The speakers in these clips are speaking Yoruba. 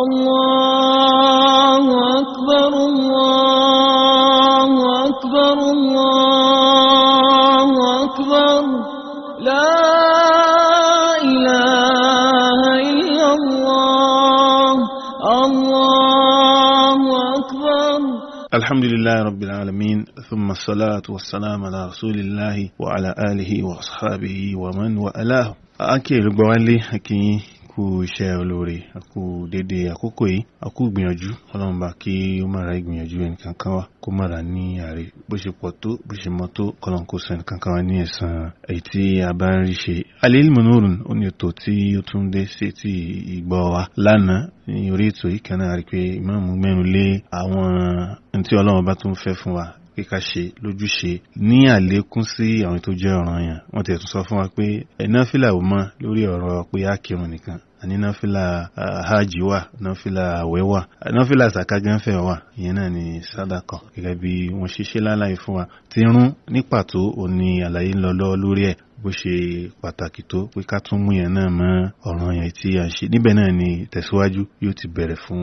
الله أكبر الله أكبر الله أكبر لا إله إلا الله الله أكبر الحمد لله رب العالمين ثم الصلاة والسلام على رسول الله وعلى آله وأصحابه ومن وألاه أكيد بوالي أكيد kú iṣẹ́ olóore a kú dédé àkókò yìí a kú gbìyànjú ọlọ́run bá kí ó má ra ìgbìyànjú ẹnìkan kan wá kó má ra ní àárẹ̀ bó ṣe pọ̀ tó bó ṣe mọ́ tó kọ́lọ́n kó sàn ẹnìkan kan wá ní ẹ̀sán èyí tí a bá ń rí ṣe. alẹ́ ìmọ̀nùrùn ó ní ètò tí ó tún dé sí ti ìgbọ́ wa lánàá ní orí ètò yìí kan náà rí pé ìmọ̀ọ́mù mẹ́rin lé àwọn ohun tí ọlọ́run bá tún fẹ́ fún wa pé ká ṣe lójúṣe ní àlékún sí àwọn tó jẹ́ ọ̀ranyàn wọ́n tẹ̀ tún sọ fún wa pé náfìlà ò mọ́ lórí ọ̀rọ̀ pé á kírun nìkan àní náfìlà hajj wà náfìlà àwẹ̀ wà náfìlà sàkágánfẹ̀ wà ìyẹn náà ni sádàkọ̀ gẹ́gẹ́ bí wọ́n ṣiṣẹ́ láláì fún wa ti rún ní pàtó òní àlàyé ń lọ́wọ́ lórí ẹ̀ bó ṣe pàtàkì tó pé ká tún mú yẹn náà mọ́ ọ̀ràn yẹn tí a ń ṣe níbẹ̀ náà ni tẹ̀síwájú yóò ti bẹ̀rẹ̀ fún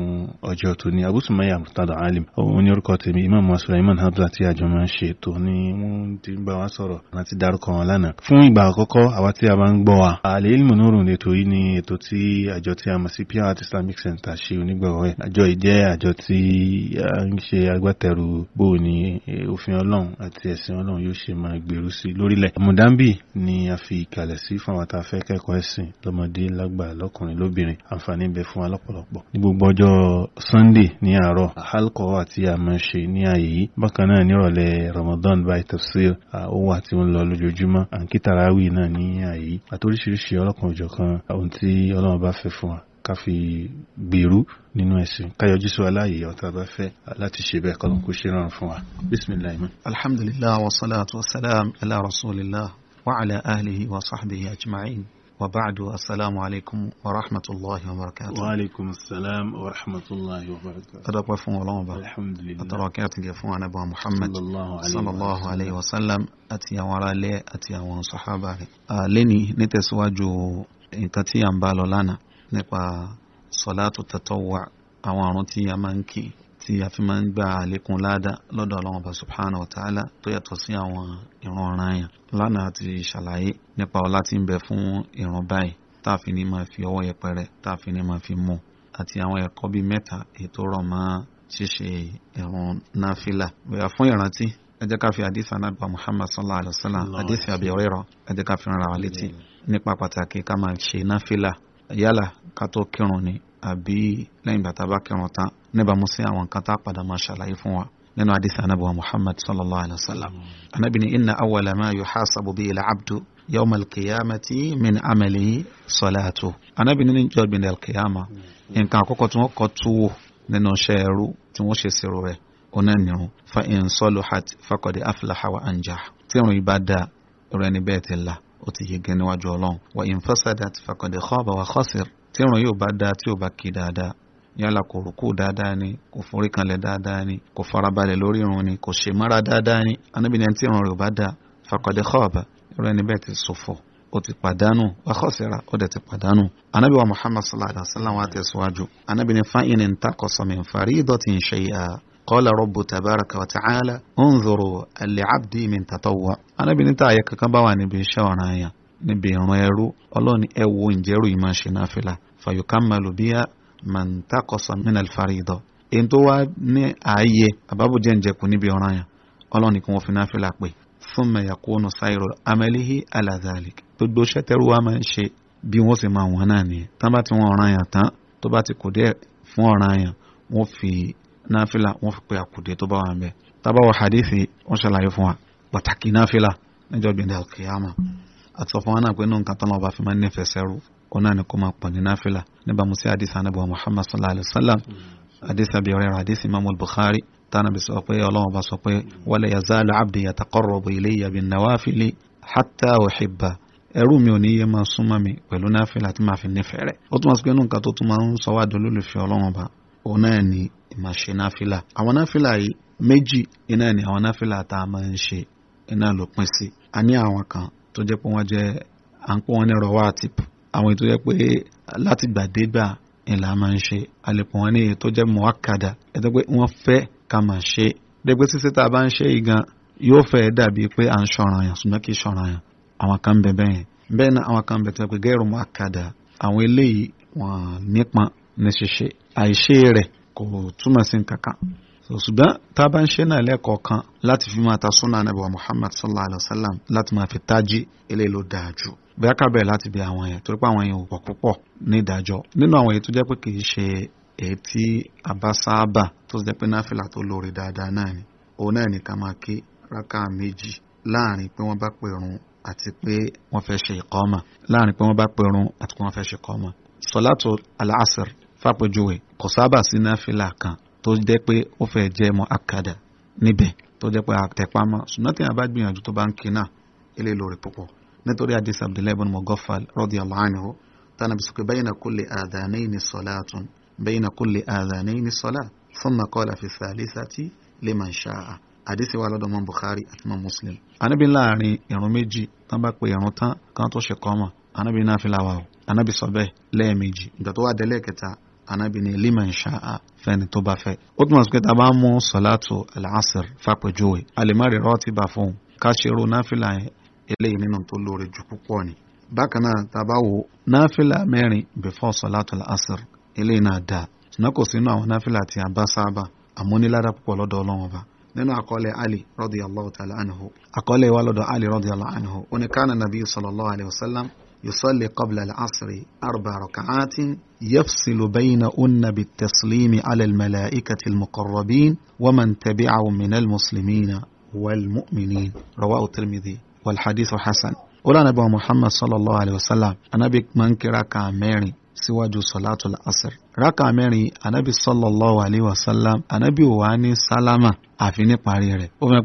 ọjọ́ tó ní Abu Sumayya Murtada Alim òun ní orúkọ tèmi Imam wa Sulaiman Hamza tí àjọ máa ń ṣe tó ní wọ́n ti ń bá wa sọ̀rọ̀ láti dárúkọ wọn lánàá fún ìgbà àkọ́kọ́ àwa tí a bá ń gbọ́ wa Al-Ilmu Nurun ètò yìí ni ètò tí àjọ tí a mọ̀ sí Pure Islamic Center ṣe onígbọ̀wọ́ ẹ̀ àjọ yìí jẹ́ àjọ tí a ń ṣe agbátẹrù bóò ní òfin Ọlọ́run àti ẹ̀sìn ni a fi ìkàlẹ̀ sí fún àwọn tá a fẹ́ kẹ́kọ̀ọ́ ẹ̀sìn lọ́mọdé lágbà lọ́kùnrin lóbìnrin àǹfààní bẹ fún wa lọ́pọ̀lọpọ̀. ní gbogbo ọjọ́ sunday ní àárọ̀ halkọ́ wà tí ní ààyè yìí bákan náà nírọ̀lẹ́ ramadan by tafsir ó wà tí lọ lójoojúmọ́ à ń náà ní ààyè yìí àti oríṣiríṣi ọlọ́kan òjọ̀kan ohun tí ọlọ́run bá fẹ́ fún wa ká fi gbèrú nínú ẹ̀sìn káyọjú sí wa láàyè ọ̀tá bá fẹ́ láti ṣe bẹ́ẹ̀ kọ́lọ́n ṣe rọrùn fún wa. bisimilayi. alhamdulilah wa salatu wa salam ala rasulillah وعلى آله وصحبه أجمعين وبعد السلام عليكم ورحمة الله وبركاته وعليكم السلام ورحمة الله وبركاته تدقوا فون الحمد لله أتراكات جفوان أبو محمد صلى الله عليه, صلى الله عليه وسلم أتيا وعلى لي أتيا وصحابه صحابة لني نتسواجو إنكتيا مبالو لنا نقوى صلاة التطوع أنتي منكي tí a fi máa ń gba àlékún ládàá lọ́dọ̀ ọlọ́run bá subhanahu wa ta'ala tó yàtọ̀ sí àwọn ìran ọ̀ràn yẹn lánàá àti ṣàlàyé nípa ọlá tí ń bẹ fún ìran báyìí tá a fi ní máa fi ọwọ́ yẹpẹrẹ tá a fi ní máa fi mú àti àwọn ẹ̀kọ́ bíi mẹ́ta ètò rọ̀ mọ́ ṣíṣe ìrun náfìlà bóyá fún ìrántí ẹ jẹ́ ká fi àdìsí anábà muhammad sallallahu alayhi wa sallam àdìsí ẹ jẹ́ ká fi àbí lẹ́yìn bàtà bá kẹrùn tán níbàámu sí àwọn nǹkan tá a padà máa ṣàlàyé fún wa nínú àdìsí anábìwá muhammad sallallahu alayhi wa sallam anábì ní inna awwala ma yuhasabu bihi al-abdu yawma al-qiyamati min amalihi salatu anábì ní níjọ́ gbìn al-qiyama nǹkan àkọ́kọ́ tí wọ́n kọ́ tó wò nínú iṣẹ́ ẹrú tí wọ́n ṣe sèrò rẹ̀ ọ̀nà nìrun fa in saluhat faqad aflaha wa anjah tí yìí bá dáa ìrun bẹ́ẹ̀ ti là ó ti yege níwájú ọlọ́run wa in fasadat faqad khaba wa khasir tí ìrun yóò bá dáa tí ò bá kí dáadáa yálà kò rúkú dáadáa ni kò forí kanlẹ̀ dáadáa ni kò farabalẹ̀ lórí ìrun ni kò ṣe mára dáadáa ni Ànábì ní tí ìrun rẹ̀ ò bá dáa faqad khaba irú ẹni bẹ́ẹ̀ ti ṣòfò ó ti pàdánù wa khasira ó dẹ̀ ti pàdánù Ànábì wa Muhammad sallallahu alaihi wa sallam wa tẹ̀síwájú Ànábì ní fa'in intaqasa min faridatin shay'an qala rabbu tabaraka wa ta'ala unzuru li abdi min tatawwu Ànábì ní tá àyẹ kankan bá wà níbi iṣẹ́ ọ̀ràn yẹn níbi ìran ẹrú ọlọ́ni ẹ wo ǹjẹ́ rú yìí máa ṣe náfìlà fàyọkàmàlù bíyà màǹtàkọ̀sán mìnà fàrídọ̀ èyí tó wá ní ààyè àbábòjẹ́ ǹjẹ̀kù níbi ọ̀ràn yẹn ọlọ́ni kí wọ́n fi náfìlà pé fún mẹ̀yàkúnù sáírò amẹ́líhì alàzàlì gbogbo ṣẹ́tẹ́rù wa máa ń ṣe bí wọ́n sì máa wọ́n náà nìyẹn tán bá ti wọ́n ọ̀ràn yẹn tán tó bá ti kù àti sọ fún wa náà pé nínú nǹkan tó lọ́wọ́ fi máa ń nífẹ̀ẹ́ sẹ́rù òun náà ni kó máa pọ̀ ní náfìlà níbà mo sí àdìsí Muhammad sallallahu alayhi wa sallam Adisa àbí ọ̀rẹ́ rẹ̀ àdìsí Imam Bukhari tana bí sọ pé ọlọ́wọ́ bá sọ pé wala yazalu abdi yataqarrabu ilayya bin nawafili hatta uhibba ẹrú mi ò ní yé máa súnmọ́ mi pẹ̀lú náfìlà tí máa fi nífẹ̀ẹ́ rẹ̀ ó túmọ̀ sí pé nǹkan tó máa ń sọ wá ba òun ni ìmọ̀ ṣe náfìlà àwọn náfìlà yìí ni àwọn náfìlà tá a máa ń ṣe iná ló tó jẹ́ pé wọ́n jẹ́ à ń pọ́ wọn ní rawatib àwọn ètò jẹ́ pé láti gbàdégbà ìlà máa ń ṣe àlepọ̀ wọn ní èyí tó jẹ́ muakkada ẹ̀ tó pé wọ́n fẹ́ ká máa ṣe dẹ́gbẹ́ títí tá a bá ń ṣe yìí gan yóò fẹ́ dàbí pé à ń ṣọ̀ràn yàn ṣùgbọ́n kì í ṣọ̀ràn yàn àwọn kan bẹ bẹ́ẹ̀ yẹn bẹ́ẹ̀ náà àwọn kan bẹ tó yẹ pé gẹ́rù muakkada àwọn eléyìí wọ́n nípọn ní ṣíṣe àìṣe rẹ̀ kò túmọ̀ sí nǹkan kan ṣùgbọ́n tá a bá ń ṣe náà lẹ́ẹ̀kọ̀ọ̀kan láti fi máa ta súnà Ànábì wa Muhammad sallallahu alayhi wa sallam láti máa fi tají eléyìí ló dáa jù bóyá ká bẹ̀rẹ̀ láti bí àwọn yẹn torí pé àwọn yẹn ò pọ̀ púpọ̀ ní ìdájọ́ nínú àwọn èyí tó jẹ́ pé kì í ṣe èyí tí a bá sáábà tó jẹ́ pé náfìlà tó lóore dáadáa náà ni òun náà ni ká máa ké rákà méjì láàrin pé wọ́n bá pèrun àti pé wọ́n fẹ́ ṣe ìkọ́mà láàrin pé wọ́n bá pèrun àti pé wọ́n fẹ́ ṣe ìkọ́mà sọlátò tó jẹ́ pé ó fẹ́ jẹ́ mọ́ akada níbẹ̀ tó jẹ́ pé àtẹ̀pamọ́ ṣùgbọ́n tí a bá gbìyànjú tó bá ń kí náà ilé lórí púpọ̀ nítorí àdìsí abdullahi ibn mughaffal radiyallahu anhu tánà bí sọ́kè bayna kulli adhanayni salatun bayna kulli adhanayni salat thumma qala fi thalithati liman sha'a àdìsí wa lọ́dọ̀ mọ́ bukhari àti mọ́ muslim. anábì láàrin ìrun méjì tán bá pe ìrun tán kan tó ṣe kọ́ mọ̀ anábì náà fi láwa o anábì sọ bẹ́ẹ̀ lẹ́ẹ̀mejì ìgbà tó wà délẹ̀ kẹta anábì ní liman ṣáà fẹ́ni tó bá fẹ́. ó túmọ̀ sí pé tá a bá mú sọ́látù aláṣẹr fàpẹ̀jọ́wé a lè má rí rọ́ọ̀tìbà fún un ká ṣe ro náfìlà yẹn eléyìí nínú tó lóore jù púpọ̀ ni. bákan náà tá a bá wo náfìlà mẹ́rin before sọ́látù aláṣẹr eléyìí náà dáa ṣùgbọ́n kò sínú àwọn náfìlà tí a bá sábà àmúnilára púpọ̀ lọ́dọ̀ ọlọ́run ọba nínú àkọọ́lẹ̀ ali radiyallahu يصلي قبل العصر أربع ركعات يفصل بين أن بالتسليم على الملائكة المقربين ومن تبعهم من المسلمين والمؤمنين رواه الترمذي والحديث حسن قال أبو محمد صلى الله عليه وسلم أنا بك من كراكا ميري سوى صلاة العصر ركا ميري أنا صلى الله عليه وسلم أنا بواني سلامة أفيني قريري ومن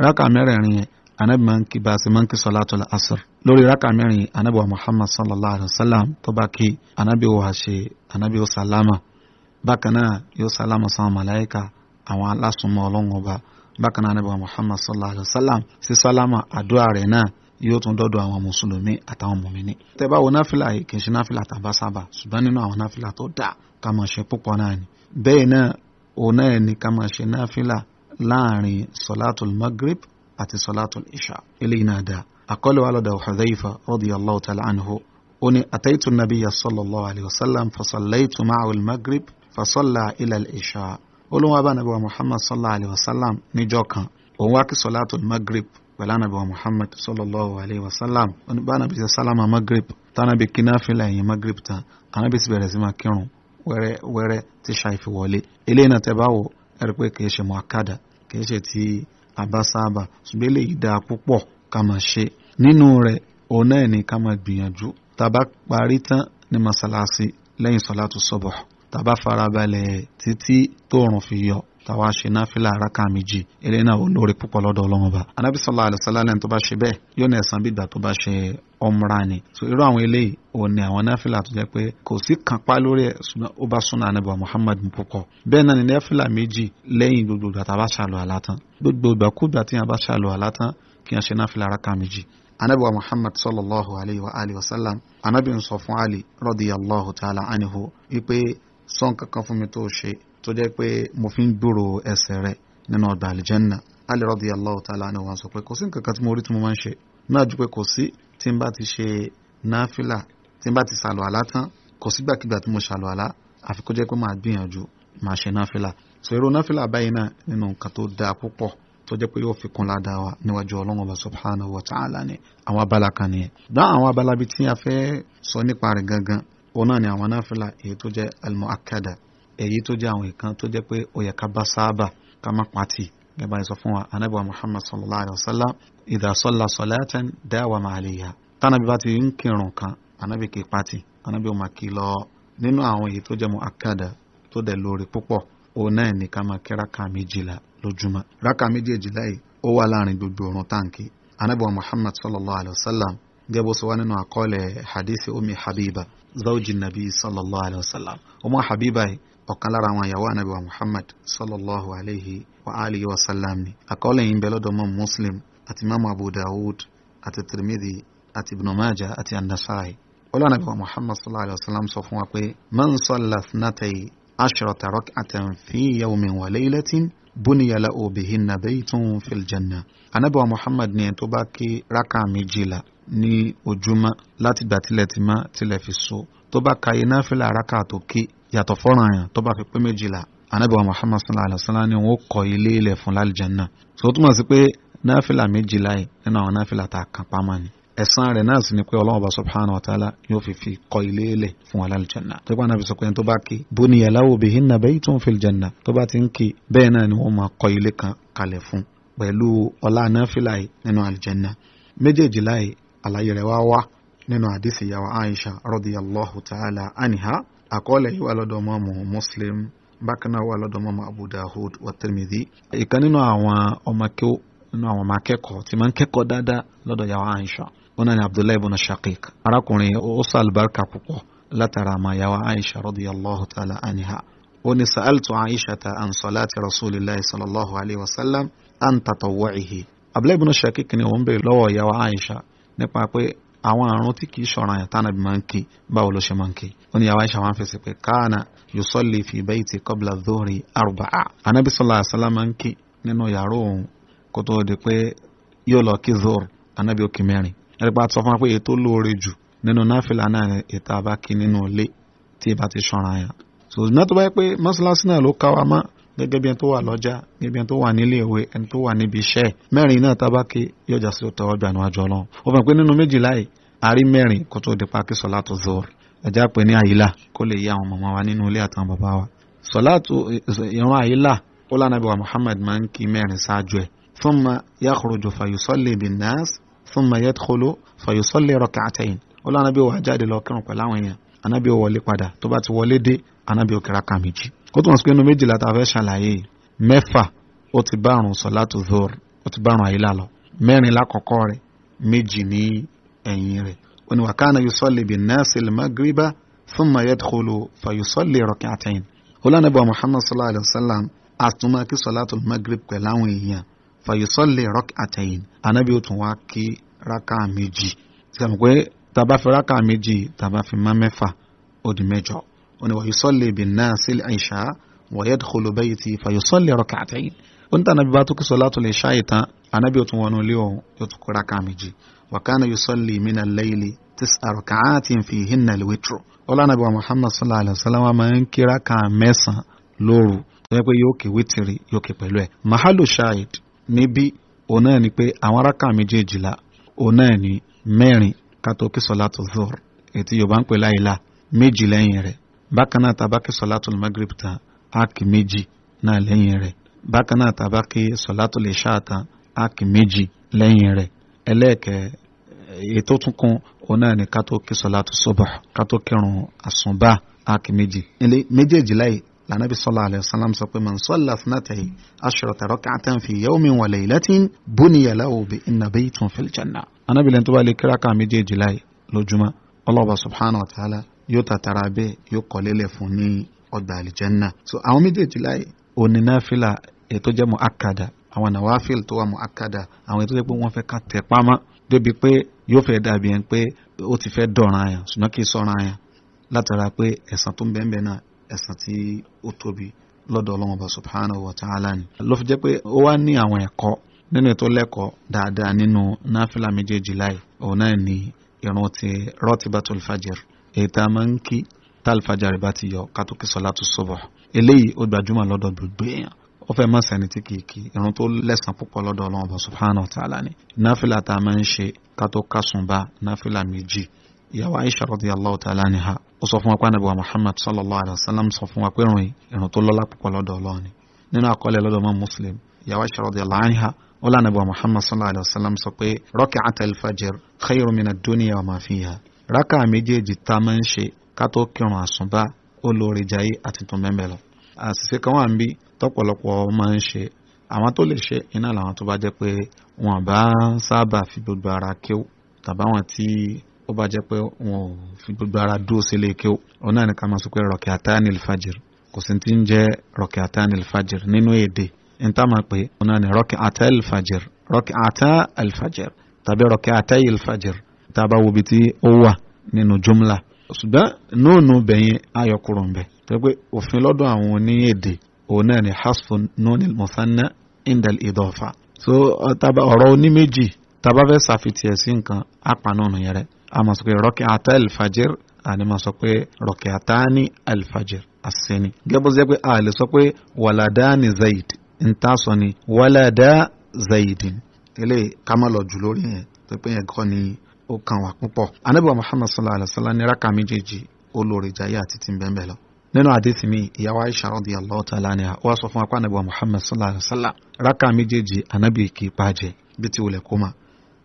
ركا ميري أنا بمنك باسي مانكي صلاة العصر lórí rákà mẹ́rin anábì wa muhammad sallallahu alayhi wa sallam tó bá kí anábì wa ṣe anábì wa salama bákan náà yóò salama sáwọn màláìka àwọn alásùnmọ́ ọlọ́run ọba bákan náà anábì wa muhammad sallallahu alayhi wa sallam sí salama àdúrà rẹ̀ náà yóò tún dọ́dọ̀ àwọn mùsùlùmí àtàwọn mùmíní. tẹ́ bá wo náfìlà yìí kì í ṣe náfìlà tàbá sábà ṣùgbọ́n nínú àwọn náfìlà tó dáa ká máa ṣe púpọ̀ náà ni. bẹ́ẹ̀ náà òun náà ni ká máa ṣe náfìlà láàrin sọlátul magrib àti sọlátul isha eléyìí náà dáa akọ́lẹ̀ wa lọ́dọ̀ Hudhaifa radiyallahu ta'ala anhu ó ní ataitu nabiyya sallallahu alayhi wa sallam fasallaitu ma'ahu al-maghrib fasalla ila al-isha olùwà bá nàbẹ̀wà Muhammad sallallahu alayhi wa sallam níjọ́ kan òun wá kí sọ̀látù al-maghrib pẹ̀lú Muhammad sallallahu alayhi wa sallam bá nàbẹ̀ sallama maghrib tánàbí kí náfìlà ẹ̀yìn maghrib tán ànàbẹ̀ sì bẹ̀rẹ̀ sí máa kírun wẹ́rẹ́wẹ́rẹ́ tí ṣàìfi wọlé eléyìí náà tẹ́ bá wò ẹ̀rí pé kìí ṣe mọ̀ àkàdà ti àbáṣáàbà ṣùgbọ́n eléyìí dáa púpọ̀ ká máa ṣe nínú rẹ̀ òun náà ni ká máa gbìyànjú tàbá parí tán ní masalasi lẹ́yìn sọ́látù sọ́bọ̀ tàbá farabalẹ̀ títí tóòrùn fi yọ tàwa ṣe náfìlà araka méjì eré náà ò lórí púpọ̀ lọ́dọ̀ ọlọ́run ọba anábì sọlá àlùsálà lẹ́nu tó bá ṣe bẹ́ẹ̀ yóò ní ẹ̀san bígbà tó bá ṣe ọmra ni so irú àwọn eléyìí òun ni àwọn náfìlà tó jẹ́ pé kò sí kanpá lórí ẹ̀ ṣùgbọ́n ó bá súnà anábì muhammad púpọ̀ bẹ́ẹ̀ náà ni náfìlà méjì lẹ́yìn gbogbo ìgbà tá a bá ṣàlù àlá tán gbogbo ìgbàkúgbà tí a bá ṣàlù àlá kí wọ́n ṣe náfìlà rákà méjì anabi wa muhammad sallallahu alayhi wa alihi wa sallam anabi ń sọ fún ali radiyallahu ta'ala anhu wípé sọ́n kankan fún mi tó ṣe tó jẹ́ pé mo fi ń gbòòrò ẹsẹ̀ rẹ̀ nínú ọgbà àlìjẹ́nà ali radiyallahu ta'ala anhu wa sọ pé kò sí nǹkan kan tí mo rí tí mo máa ń ṣe náà ju pé kò sí tí n bá ti ṣe náfìlà tí n bá ti sàlù àlá tán kò sígbàkigbà tí mo sàlù àlá àfi jẹ́ pé máa gbìyànjú máa ṣe náfìlà sọ èrò náfìlà báyìí náà nínú nǹkan tó dáa púpọ̀ tó jẹ́ pé yóò fi kún ládàá wa níwájú ọlọ́run ọba subhanahu wa ta'ala ni àwọn abala kan nìyẹn. dán àwọn abala bíi tí a fẹ́ sọ nípa rẹ̀ gangan òun náà ni àwọn náfìlà èyí tó jẹ́ almuakkada èyí tó jẹ́ àwọn ìkan tó jẹ́ pé ó yẹ ká bá sáábà ká má pàtì gẹ́gẹ́ bá sọ fún wa ànábì muhammad sallallahu alayhi wa sallam idha salla salatan dawama alayha tánàbí bá ti ń kírun kan ànábì kì í pàtì ànábì ó máa kí lọ nínú àwọn èyí tó jẹ́ muakkada tó dẹ̀ lórí púpọ̀ òun náà ni ká máa kíra ká méjìlá lójúmọ́ rákà méjèèjì láyìí ó wà láàrin gbogbo òrùn táǹkì anábọ̀ muhammad sallallahu alayhi wa sallam gẹ́gẹ́ bó ṣe wá nínú àkọọ́lẹ̀ hadithi omi habiba zawji nabi sallallahu alayhi wa sallam ọmọ habiba yìí ọ̀kan lára àwọn ìyàwó anabi wa muhammad sallallahu alayhi wa alihi wa sallam ni àkọọ́lẹ̀ yìí ń bẹ lọ́dọ̀ mọ́ muslim àti mamu abu dawud àti tirmidhi àti ibn majah àti an ọlọ́run anabi muhammad sallallahu alayhi wa sallam sọ fún wa pé bóníyà la bihinna baytun fil janna anábì wa muhammad ní ẹ̀ tó bá kí rákà méjìlá ní ojúmọ́ láti gbà tilẹ̀ ti mọ́ tilẹ̀ fi so tó bá ka iná fìlà rákà tó kí yàtọ̀ fọ́ràn yàn tó bá fi pé méjìlá anábì wa muhammad sallallahu alayhi wa sallam ni wọ́n kọ́ ilé ilẹ̀ fún lálìjánná so ó túmọ̀ sí pé náfìlà méjìlá yìí nínú àwọn náfìlà tá a kàn pamọ́ ni ẹ̀san rẹ̀ náà sì ni pé ọlọ́run ọba subhanahu wa ta'ala yóò fi fi kọ́ ilé lẹ̀ fún wa lálùjẹ̀nà tó bá nàbí sọ pé tó bá kí buniya lahu bihinna baytun fil janna tó bá ti ń kí bẹ́ẹ̀ náà ni wọ́n máa kọ́ ilé kan kalẹ̀ fún pẹ̀lú ọlá anáfíláì nínú àlùjẹ̀nà méjèèjì láì àlàyé rẹ̀ wá wá nínú àdìsí yàwó Aisha radiyallahu ta'ala anha àkọọ́lẹ̀ yìí wà lọ́dọ̀ nínú àwọn akẹ́kọ̀ọ́ tí máa ń kẹ́kọ̀ọ́ dáadáa lọ́dọ̀ yàwó Aisha ọ̀nà عبد الله بن الشقيق. arákùnrin ó بركة púpọ̀ لا àmàyàwá ما radiyallahu ta'ala رضي الله تعالى عنها. aisha ta an salati rasulillahi sallallahu alayhi wa sallam an tatawwa'ihi abdullahi ibn shaqiq بن الشقيق bèèrè lọ́wọ́ ìyàwó aisha nípa pé àwọn àrùn tí kìí ṣọ̀ràn yẹn tánàbí máa ń kí báwo ló ṣe máa ń kí ó ní àwáṣà máa ń fèsì pé káànà yusalli fi bayti qabla dhuhri arba'a anábì sallallahu alaihi máa ń kí nínú yàrá òun kó tó di pé yóò lọ kí dhuhr anábì ó kí mẹ́rin nípa sọ fún wa pé ètò lóore jù nínú náfìlà náà ni ètò àbákí nínú ilé tí ìbá ti ṣọ̀ra yàn so náà tó bá yẹ pé mọ́ṣáláṣí náà ló ká wa mọ́ gẹ́gẹ́ bí ẹni tó wà lọ́jà gẹ́gẹ́ bí ẹni tó wà nílé ìwé ẹni tó wà níbi iṣẹ́ mẹ́rin náà tábàkì yọjà sí òtọ́ ọgbà níwájú ọlọ́run ó fẹ́ pé nínú méjìlá yìí àárí mẹ́rin kó tó di pákí sọ́látù zọ́ọ̀rì ẹ̀já pé ní àyílà kó lè yí àwọn màmá wa nínú ilé àtàwọn bàbá wa sọ́látù ìran àyílà ó lànà bí wa máa ń kí mẹ́rin ṣáájú ẹ̀ thumma yakhruju fayusalli bin nas thumma yadkhulu fayusalli rak'atayn ọlọ́run anábì wà jáde lọ kírun pẹ̀lú àwọn èèyàn anábì wọlé padà tó bá ti wọlé dé anábì ó kí rákà méjì ó tún wọn sọ pé inú méjìlá tá a fẹ́ ṣàlàyé mẹ́fà ó ti bá àrùn sọ̀látù zuhr ó ti bá àrùn àyílà lọ mẹ́rin lákọ̀ọ́kọ́ rẹ̀ méjì ní ẹ̀yìn rẹ̀ ó ní wa kana yusalli bin-nasi al-maghriba thumma yadkhulu fayusalli rak'atayn olánàbọ̀ muhammad sallallahu alayhi wa sallam àtúmọ̀ kí sọ̀látù magrib pẹ̀lú àwọn èèyàn fayusalli rak'atayn anábì ó tún wá kí rákà méjì sẹ́mi pé tá a bá fi rákà méjì tá a bá fi má mẹ́fà ó di mẹ́jọ ó ní wàá yusalli bin nasi al-isha wa yadkhulu bayti fa yusalli rak'atayn ó ní tànàbí bá tó kí salatu al-isha ìtàn ànábì òtún wọnú ilé òun yóò tún kó rákà méjì wa kana yusalli min al-layli tis'a rak'atin fihinna muhammad sallallahu alayhi wa sallam wa máa ń kí rákà mẹ́sàn-án lóru tó yẹ pé yóò kí wítìrì yóò kí pẹ̀lú ẹ̀ mahalu náà ni pé àwọn òun náà ni mẹ́rin kátó kí sọ́látù zuhr ètí yorùbá ń pè láìla méjì lẹ́yìn rẹ̀ bákan náà tàbá kí sọ́látù magrib tán áàkì méjì náà lẹ́yìn rẹ̀ bákan náà tàbá kí sọ́látù isha tán áàkì méjì lẹ́yìn rẹ̀ ẹlẹ́ẹ̀kẹ́ ètò tuntun òun náà ni kátó kí sọ́látù subh kátó kírun àsùnbà áàkì méjì méjèèjì láì lànàbí sallallahu alaihi wasallam sọ pé man salla thnatay ashrata rak'atan fi yawmin wa laylatin buniya lahu bi inna baytan fil janna. anábì lẹ́nu tó bá lè kíra ká méjèèjì láì lójúmọ́ ọlọ́ọ̀bà subhanahu wa ta'ala yóò tàtàrà bẹ́ẹ̀ yóò kọ́lélẹ̀ fún ní ọgbà àlìjẹ́nà. so àwọn méjèèjì láì òní náfìlà ètò jẹ́ mu'akkada àwọn nàwáfìl tó wà mu'akkada àwọn ètò jẹ́ pé wọ́n fẹ́ ká tẹ̀ pamọ́ débi pé yóò fẹ́ dàbí ẹni pé ó ti fẹ́ dọ̀ràn àyàn ṣùgbọ́n kì í sọ̀ràn àyàn látara pé ẹ̀san tó ń bẹ́ẹ̀ bẹ́ẹ̀ náà ẹ̀san tí ó tóbi lọ́dọ̀ ọlọ́run subhanahu wa ta'ala ni. ló fi jẹ́ pé ó wá ní àwọn ẹ̀kọ́ nínú ètò lẹ́kọ̀ọ́ dáadáa nínú náfìlà méjèèjì láì òun náà ni ìrun ti rọ́tìbátòl fàjẹr èyí tá a máa ń kí tálfàjàrì bá ti yọ kátókì sọ̀látù sọ̀bọ̀ eléyìí ó gbajúmọ̀ lọ́dọ̀ gbogbo èèyàn ó fẹ́ mọ̀ sẹ́ni tí kìí kí irun tó lẹ́sàn púpọ̀ lọ́dọ̀ ọlọ́run subhanahu wa ta'ala ni náfìlà tá a máa ń ṣe kátó kásùnbà náfìlà méjì ìyàwó Aisha radiyallahu ta'ala anha ó sọ fún wa pé anabi wa muhammad sallallahu alayhi wa sallam sọ fún wa pé ìrun ìrun tó lọ́lá púpọ̀ lọ́dọ̀ ọlọ́run ni nínú àkọọ́lẹ̀ lọ́dọ̀ mọ́ muslim ìyá wa radiyallahu anha ó lá anabi wa muhammad sallallahu alayhi wa sallam sọ pé rak'at al-fajr khayru min ad-dunya wa ma fiha rákà méjèèjì tá a máa ń ṣe ká tó kírun àsùnbá ó lóore jayé àti tó mẹ́mẹ́ lọ àṣìṣe kan wà ń bí tọ́pọ̀lọpọ̀ máa ń ṣe àwọn tó lè ṣe iná làwọn tó bá jẹ́ pé wọn bá sábà fi gbogbo ara kéw tàbáwọn tí ó bá jẹ́ pé wọn ò fi gbogbo ara dúró sílé kí ó náà ní ká máa sọ pé rọ̀kì àtàní ìfàjìr kò sí ti ń jẹ́ rọ̀kì àtàní ìfàjìr nínú èdè ní tá máa pè ó náà ní rọ̀kì àtà ìfàjìr rọ̀kì àtà ìfàjìr tàbí rọ̀kì àtà ìfàjìr tá a bá wo ibi tí ó wà nínú jumla ṣùgbọ́n nóònù bẹ̀yìn ayọ̀kúrò ń bẹ̀ tó pé òfin lọ́dọ̀ àwọn oní èdè òun náà ní hasfu idofa so ọ̀rọ̀ oní méjì tá a bá fẹ́ ṣàfitì a máa sọ pé rọ́kìátà alfajir a ní máa sọ pé rọ́kìátàní alfajir àsìní. gẹ́gbọ́ sí pé a sọ pé wàládàáni zaid ń tà sọ ni wàládà zaidin eléyìí ká má lọ jù lórí yẹn tó pé yẹn kọ́ ni ó kàn wá púpọ̀. anábìwá muhammad sallallahu alayhi wa sallam ní rákà méjèèjì olórí jayé àti tí ń bẹ́ẹ̀ bẹ́ẹ̀ lọ nínú àdéhùn mi ìyàwó aisha radiyallahu ta'ala anha ó wá sọ fún wa anábìwá muhammad sallallahu alayhi wa sallam rákà méjèèjì anábìyèkì pàjẹ́ bí ti wọlé kó máa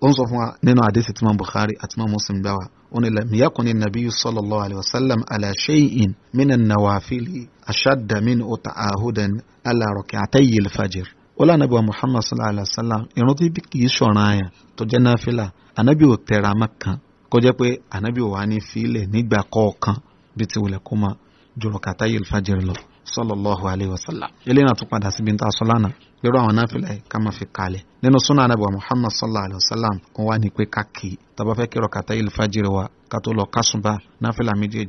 ó ń sọ fún wa nínú àdéhùn tí ma Bukhari àti ma Muslim gbà wá ó ní lam yakuni nabiyyu sallallahu alayhi wa sallam ala shay'in mina nawafili ashadda min ta'ahudan ala rak'atayi al-fajr ó lá nàbí wa Muhammad sallallahu alayhi wa sallam irun tí kì í ṣọ̀ràn àyàn tó jẹ́ náfìlà ànábì ò tẹra mọ́ kan kó jẹ́ pé ànábì ò wá ní fílẹ̀ nígbà kọ̀ọ̀kan bí ti wulẹ̀ kó ma jùrọ̀ kàtàyè al lọ. صلى الله عليه وسلم يلينا تقعد سبين تاسولانا يرى ونافل أي كما في قالي لانه سنة نبوة محمد صلى الله عليه وسلم هو اني كاكي تبا فيك رو الفجر و كتو لو كاسبا نافل عميجي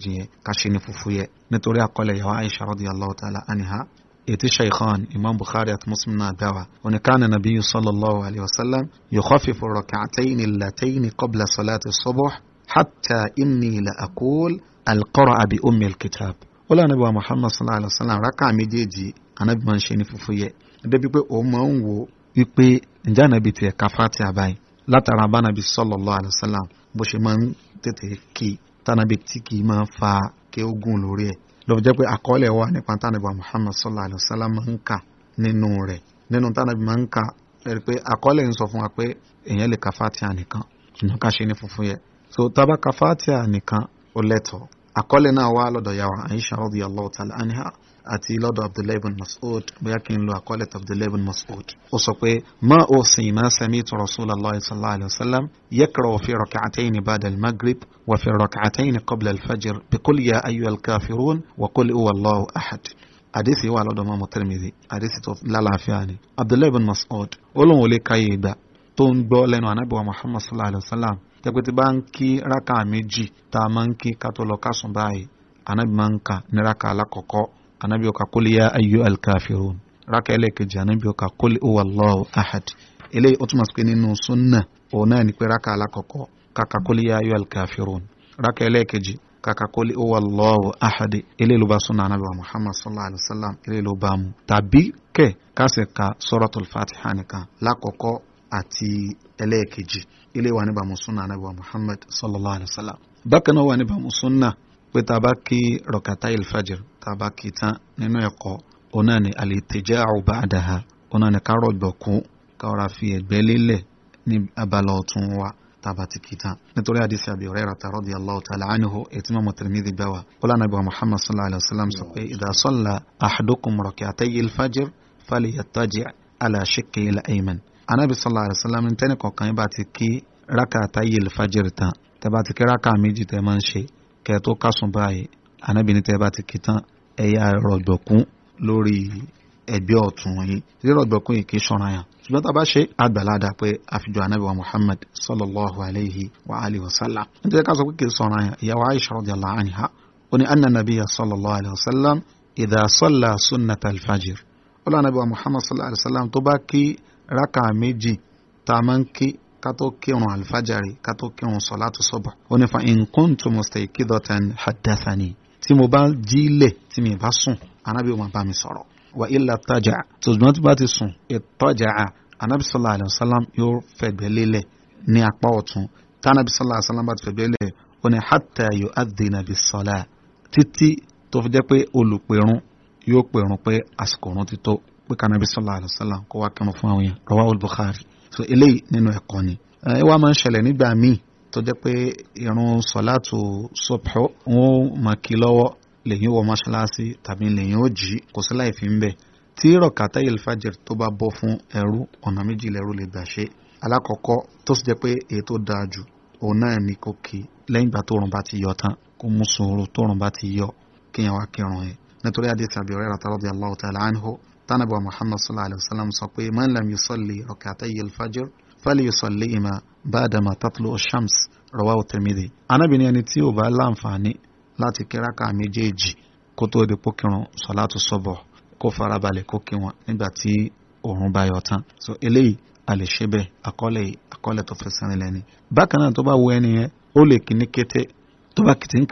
كاشيني ففوية نتوري أقول يا عائشة رضي الله تعالى عنها يتي شيخان إمام بخاري مسلم دوا ونكان النبي صلى الله عليه وسلم يخفف الركعتين اللتين قبل صلاة الصبح حتى إني لأقول القرأ بأم الكتاب ó lọ́nà wa Muhammad sallallahu alaihi wa sallam raka méjèèjì anábì máa ń ṣe ní fúfúyẹ́ débi pé òun máa ń wò wípé ǹjẹ́ anábì tiẹ̀ ka Fatiha báyìí látara abánabi sallallahu alayhi wa sallam bó ṣe máa ń tètè kí tánabi tí kì fa ogun lórí ẹ̀ pé àkọọ́lẹ̀ wa nípa tánabi wa Muhammad sallallahu wa sallam máa ń kà nínú rẹ̀ nínú máa ń kà ẹ̀rí pé àkọọ́lẹ̀ ń sọ fún wa ka nìkan ṣùgbọ́n ká ṣe so nìkan ó lẹ́tọ̀ọ́ àkọlé náà wá lọ́dọ̀ yàwó Aisha radiyallahu ta'ala anha àti lọ́dọ̀ Abdullahi bin Mas'ud bóyá kí n lo àkọlé tó Abdullahi bin Mas'ud. ó sọ pé ma usima sami'tu Rasulallahi sallallahu alayhi wa sallam yakrahu fi rak'atayn ba'da al-maghrib wa fi rak'atayn qabla al-fajr bi qul ya ayyuhal kafirun wa qul huwallahu ahad. àdìsí wà lọ́dọ̀ mọ́mọ́ Tirmidhi àdìsí tó lálàáfíà ni Abdullahi bin Mas'ud ó lóun ò lè káyé ìgbà tó ń gbọ́ lẹ́nu anábìwá Muhammad sallallahu alayhi wa sallam tẹ́pẹ́ tí bá ń kí rákà méjì tá a máa ń kí ká tó lọ kásùn báyìí anábì máa ń kà ní rákà alákọ̀ọ́kọ́ anábì ó ka kólé yá ayú alkafirun rákà ẹlẹ́ẹ̀kejì anábì ó ka kólé huwallahu ahad eléyìí ó túmọ̀ sí pé nínú súnà òun náà ni pé rákà alákọ̀ọ́kọ́ kàkà kólé yá ayú alkafirun rákà ẹlẹ́ẹ̀kejì kàkà kólé huwallahu ahad eléyìí ló bá súnà anábì wa muhammad sallallahu alayhi wa sallam eléyìí ló bá mu tàbí kẹ́ kásẹ̀ ka suratul fatiha àti ẹlẹ́ẹ̀kejì ilé wa ní bàmú sunna anabi wa muhammad sallallahu alayhi wa sallam bákan náà wà ní bàmú sunna pé tá a bá kí rọ̀kàtà ìlfàjìr tá a bá kí tán nínú ẹ̀kọ́ òun náà ni al-ittija'u ba'daha òun náà ni ká rọ̀gbọ̀kú ká ọ̀rá fi ẹ̀gbẹ́ lélẹ̀ ní abala ọ̀tún wa tabati kita nítorí àdìsí àbí Hurairah radiyallahu ta'ala anhu ètí mọ́mọ́ Tirmidhi bá wa kọ́lá nàbí wa Muhammad sallallahu alayhi wa sallam sọ pé idha salla ahadukum rak'atay al-fajr falyattaji' ala shiqqi al-ayman anabi sallallahu alayhi wa sallam ní tẹ́nì kọ̀ọ̀kan yín bá ti kí rákà táyé lifájìrì tán tẹ́ bá ti kí rákà méjì tẹ́ máa ń ṣe kẹ́ tó kásùn báyìí anabi ní tẹ́ bá ti kí tán ẹ̀yà rọ̀gbọ̀kún lórí ẹ̀gbẹ́ ọ̀tún yín rírọ̀ gbọ̀kún yìí kì í ṣọ́ra yàn ṣùgbọ́n tá a bá ṣe àgbàládà pé àfijọ́ anábì wa muhammad sallallahu alayhi wa alihi wa sallam nítorí ká sọ pé kì í ṣọ́ra yàn ìyàwó aisha radiyallahu anha ó ní anna nabiyya sallallahu alayhi wa sallam idha rákà méjì tá a máa ń kí ká tó kírun àlùfájàre ká tó kírun sọ̀látù sọ̀bà ó ní fa in kuntum mustayqidatan haddathani tí mo bá jí lẹ̀ tí mi bá sùn anábì ó máa bá mi sọ̀rọ̀ wa illa tajà tòṣùmọ́ tí bá ti sùn ìtọ́jà anábì sallallahu alaihi wasallam yóò fẹ̀gbẹ́ lélẹ̀ ní apá ọ̀tún tánàbì sallallahu alaihi wasallam bá ti fẹ̀gbẹ́ lélẹ̀ ó ní hatta yu'adhdhina bis-salah títí tó fi jẹ́ pé olùpẹ̀rún yóò pẹ̀rún pé àsìkò òrùn ti tó pé kanabi sallallahu alaihi wasallam kó wá kama fún àwọn yẹn rawahul Bukhari so eléyìí nínú ẹ̀kọ́ ni ẹ wá máa ń ṣẹlẹ̀ nígbà míì tó jẹ́ pé irun sọ̀láàtù sọ̀pọ̀ wọn ó máa kí lọ́wọ́ lẹ́yìn wọ mọ́ṣáláṣí tàbí lẹ́yìn ó jí kò sí láì fi ń bẹ̀ tí rọ̀kátà ìlfàjẹ̀rì tó bá bọ́ fún ẹrú ọ̀nà méjì lẹ́rú lè gbà ṣe alákọ̀ọ́kọ́ tó sì jẹ́ pé èyí tó dáa jù òun náà ní kò kí lẹ́yìn ìgbà tó rùn bá ti yọ tán kó mú sùúrù tó rùn bá ti yọ kéèyàn wá kírun yẹn nítorí àdìsí àbí ọ̀rẹ́ ràtàlọ́dì Allahu ta'ala anhu tánàbà muhammad sallallahu alayhi wa sallam sọ pé man lam yusalli rak'atay al-fajr fali yusalli ima ba'dama tatlu ash-shams rawahu tirmidhi. anábìnrin ẹni tí ò bá láǹfààní láti kíráka méjèèjì kó tó di pókìrun sọ̀látù sọ̀bọ̀ kó farabalẹ̀ kó kí wọn nígbà tí òòrùn bá yọ tán. so eléyìí a lè ṣe bẹ́ẹ̀ àkọọ́lẹ̀ yìí àkọọ́lẹ̀ tó fẹsẹ̀ rìn lẹ́ni. bákan náà tó bá wo ẹni yẹn ó lè kí kété tó bá kìtì ń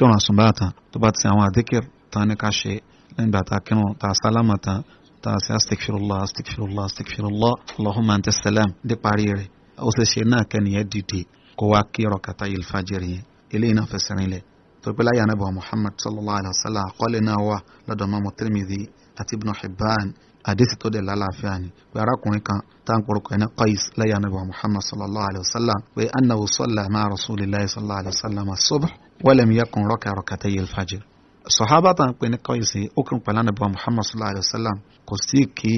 tó bá ti àwọn àdékìr tán ní ká ṣe nígbà tá kírun tá sálámà tán tá a ṣe astagfirullah astagfirullah astagfirullah allahumma anta salam dé parí rẹ̀ ó ṣe ṣe náà kẹ́niyẹ́ dìde kó wá kí rakata yìí fàjẹrì yẹn eléyìí náà fẹsẹ̀ rinlẹ̀ tọ́pẹ́lá yà nàbà muhammad sallallahu alayhi wa sallam àkọọ́lẹ̀ náà wà lọ́dọ̀ mọ́mọ́ tirmidhi àti ibn hibban àdéhùn tó dẹ̀ lálàáfíà ni pé arákùnrin kan tá n kọ̀rọ̀kọ̀ ẹni qais láyà nàbà muhammad sallallahu alayhi wa sallam annahu salla ma'a rasulillahi sallallahu alayhi wa sallam wa lam yakun raka'a rakatay al-fajr sọ̀hábà tá à ń pè ní kọ́yìsì ó kírun pẹ̀lú ànábì muhammad sallallahu alayhi wa sallam kò sí kí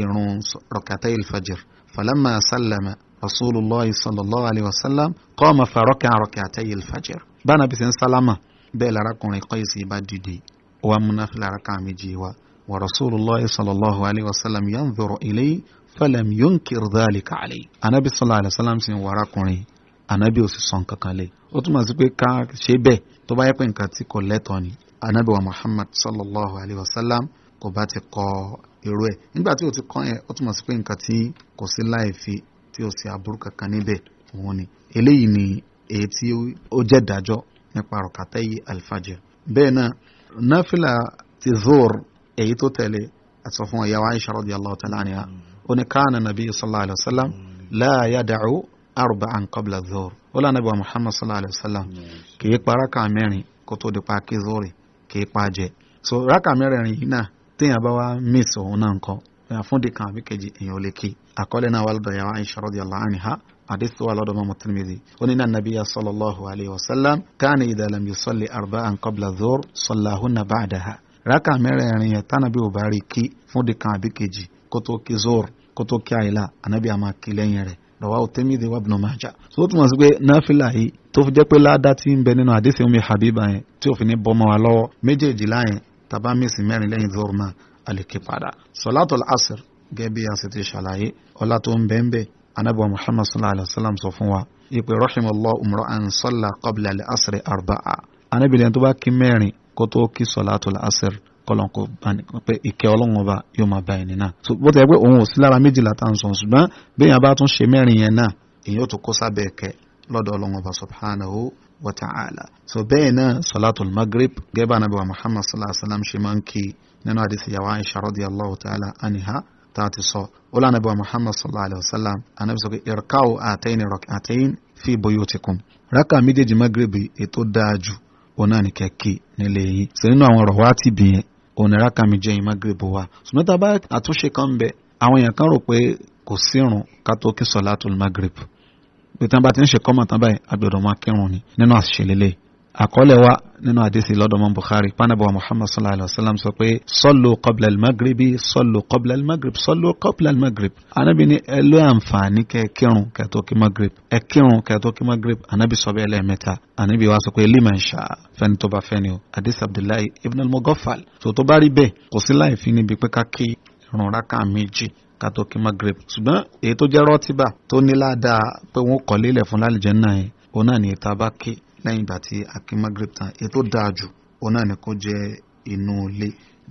irun rọ̀kàtà ìlfàjìr falamma sallama rasulillah sallallahu alayhi wa sallam qama farọ́kà rọ̀kàtà ìlfàjìr báyìí nàbí sẹ́ni sálámà bẹ́ẹ̀ larakùnrin kọ́yìsì bá dìde wa múnáfìlà arákà méjì wa wa rasulillah sallallahu alayhi wa sallam yanzuru ilayhi falam yunkir dhalika alayhi anabi sallallahu alayhi wa sallam sin warakunrin anabi ò sì sọ nǹkan kan lé ó túmọ̀ sí pé ká ṣe bẹ́ẹ̀ tó bá yẹ pé nǹkan tí kò lẹ́tọ̀ọ́ ni anabi wa muhammad sallallahu alayhi wa sallam kò bá ti kọ irú ẹ̀ nígbà tí o ti kọ́ yẹn ó túmọ̀ sí pé nǹkan tí kò sí láì fi tí o sì aburú kankan níbẹ̀ òun ni eléyìí ni èyí tí ó jẹ́ dájọ́ nípa rọ̀kátẹ́yì alfajir bẹ́ẹ̀ náà náfìlà ti zoor èyí tó tẹ̀lé àti fún ìyàwó aisha radiyallahu ta'ala anha ó ní káàna nàbí sallallahu alayhi wa sallam la yada'u arba'an qabla zoor ó lànà bí wa muhammad sallallahu alayhi wa sallam kì í para ká mẹ́rin kó tó di pa kí zoori kì í pa jẹ so rákà mẹ́rẹ̀ẹ̀rin yìí náà téèyàn bá wá miss òun náà ńkọ́ èèyàn fún di kan àbí kejì èèyàn ò lè kí àkọọ́lẹ̀ náà wà lọ́dọ̀ yàrá Aisha radiyallahu anha àdéhùn wà lọ́dọ̀ mọ́mọ́ Tirmidhi ó ní náà nàbíyà sallallahu alayhi wa sallam kana idha lam yusalli arba'an qabla dhuhr sallahunna ba'daha rákà mẹ́rẹ̀ẹ̀rin yẹn tánàbí ò bá rí kí fún di kan àbí kejì kótó kí zor kótó kí àyílà ànábì àmà kí lẹ́yìn rẹ̀ rọwà òtẹ́mídé wa bùnà máa jà. so ó túmọ̀ sí pé náfìlà yìí tó fi jẹ́ pé ládá tí ń bẹ nínú àdéhùn omi habiba yẹn tí òfin ní bọ́mọ wa lọ́wọ́ méjèèjìlá yẹn tàbá mísìn mẹ́rin lẹ́yìn zoro náà a lè ké padà. sọlátọ̀ asir gẹ́gẹ́ bí a sì ti ṣàlàyé ọlá tó ń bẹ́ẹ̀ anábọ̀ muhammad sallallahu alayhi wa sallam sọ fún wa ìpè rahimallahu umra'an salla qabla al-asri arba'a anábìlẹ̀ tó bá kí mẹ́rin kó tó kí sọlátọ̀ asir kọ́lọ́n kò bá ní pé ìkẹ́ ọlọ́run ọba yóò máa bá ẹni náà so bó tẹ́ pé òun ò sí lára méjìlá tá à ń sọ ṣùgbọ́n bá tún ṣe mẹ́rin yẹn náà èyí ó tún kó sábẹ́ ẹ̀kẹ́ lọ́dọ̀ ọlọ́run ọba subhanahu wa ta'ala so bẹ́ẹ̀ náà salatul maghrib gẹ́gẹ́ bá anabi wa muhammad sallallahu alayhi wa sallam ṣe máa ń kí nínú àdìsí yàwá aisha radiyallahu ta'ala anha tá a ti sọ ó lànà bí wa muhammad sallallahu alayhi wa sallam anabi sọ pé irkaw àtẹ́yìn rak'atayn fi buyutikum rákà méjèèjì maghrib ètò dáa jù òun náà ní kẹ́kì nílé yìí sọ onira kan mi jẹ́ ìmágrèbò wa ṣùgbọ́n tá a bá àtúnṣe kan bẹ àwọn èèyàn kan rò pé kò sírun ká tó kí sọ̀látùl mágrèbò pé tí wọ́n bá ti ń ṣe kọ́mọ̀ tán báyìí a máa kírun ni nínú àṣìṣe lélẹ́yìí àkọọ́lẹ̀ wa nínú àdìsí lọ́dọ̀ mọ́ Bukhari pánàbọ̀ Muhammad sallallahu alayhi wa sallam sọ pé sọ́lù qabla al-maghribi sọ́lù qabla al-maghrib sọ́lù qabla al-maghrib anabi ni ẹ ló àǹfààní kẹ kírun kẹtó kí maghrib ẹ kírun kẹtó kí maghrib anabi sọ bẹ́ẹ̀ lẹ́ẹ̀mẹ́ta anabi wa sọ pé liman sha fẹ́ni tó bá fẹ́ni o àdìsí Abdullahi ibn al-Mughaffal tó tó bá rí bẹ́ẹ̀ kò sí láì fi níbi pé ká kí ìrun rákà méjì kátó kí maghrib ṣùgbọ́n èyí tó jẹ́ rọ́tíbà tó ní ládàá pé wọ́n kọ̀ lélẹ̀ fún lálìjẹ́ náà yẹn òun náà ní ìta lẹ́yìn ìgbà tí akí magrib tán èyí tó dáa jù òun náà ni kó jẹ́ inú ilé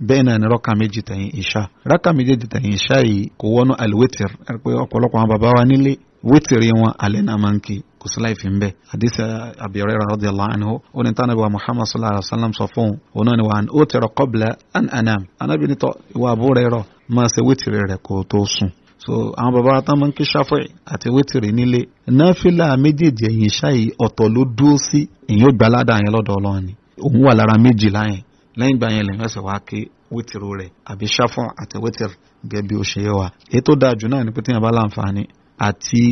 bẹ́ẹ̀ náà ni rọ́kà méjì tẹ̀yìn ìṣá rọ́kà méjì tẹ̀yìn ìṣá yìí kò wọ́nú alwitir pé ọ̀pọ̀lọpọ̀ àwọn bàbá wa nílé wítìrì wọn alẹ́ náà máa ń kí kò sí láì fi ń bẹ́ẹ̀ àdìsí Abi Huraira radiyallahu anhu ó ní tánàbí wa Muhammad sallallahu alayhi wa sallam sọ fún òun náà ni wa ó tẹ̀rọ qabla an anam anábìnitọ́ ìwà àbúrẹ́ rọ máa ṣe wítìrì rẹ̀ kó tó sùn so àwọn baba wa tán máa ń kí ṣáfẹ́ àti wétìrì nílé náfìlà méjèèjì ẹ̀yìn ṣáì ọ̀tọ̀ ló dúró sí èyàn ó gbà ládàá yẹn lọ́dọ̀ ọlọ́run ni òun wà lára méjìlá yẹn lẹ́yìn ìgbà yẹn lẹ́yìn ẹsẹ̀ wá ké wétìrì rẹ̀ àbí ṣáfẹ́ àti wétìrì gẹ́gẹ́ bí ó ṣe yẹ wa èyí tó dáa jù náà ni pé téèyàn bá láǹfààní àti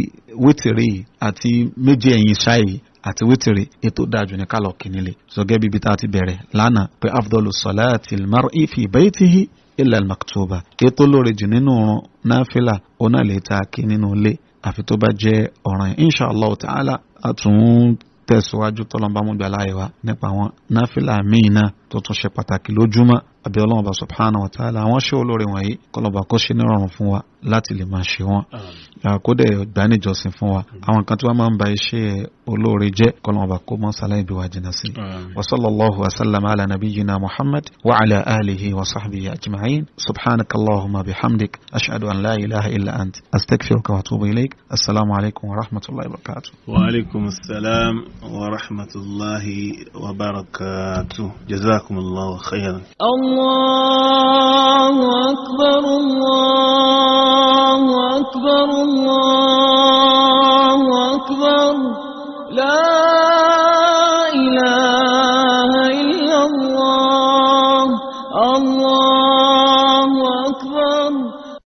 wétìrì àti méjì ẹ̀yìn ṣáì àti wítìrì ètò dájú ní kálọ̀ kìnìlẹ̀ sọgẹ́ bíbi tá a ti bẹ̀rẹ̀ lánàá pé afdọ́lù sọ̀láàtì márùn-ún fi baytihi ilà maktuba ètò lóore jù nínú òrùn náfìlà ọ̀nà lè ta kí nínú ilé àfi tó bá jẹ́ ọ̀ràn yìí insha allah ta'ala àtún tẹ̀síwájú tọ́lọ́mbà mú gbà láàyè wa nípa àwọn náfìlà míì náà tó tún ṣe pàtàkì lójúmọ́ àbí ọlọ́run bá subhanahu wa ta'ala àwọn ṣé olóore wọ̀nyí kọlọ́ba kó ṣe nírọ̀rùn fún wa láti lè máa ṣe wọn kódẹ̀ gbaníjọsìn fún wa àwọn kan tí wọ́n máa ń ba iṣẹ́ olóore jẹ́ kọ́lọ́mọ bá kó mọ́ sáláì bí wàá jìnnà sí. wa sallallahu wa sallam ala nabiyyina muhammad wa ala alihi wa sahbihi ajma'in subhanaka allahumma bihamdik ashhadu an la ilaha illa ant astaghfiruka wa atubu ilayk assalamu alaykum wa rahmatullahi wa barakatuh. wa alaykum assalam wa rahmatullahi wa barakatuh jazakum allah khayran. allahu akbar allahu akbar allah.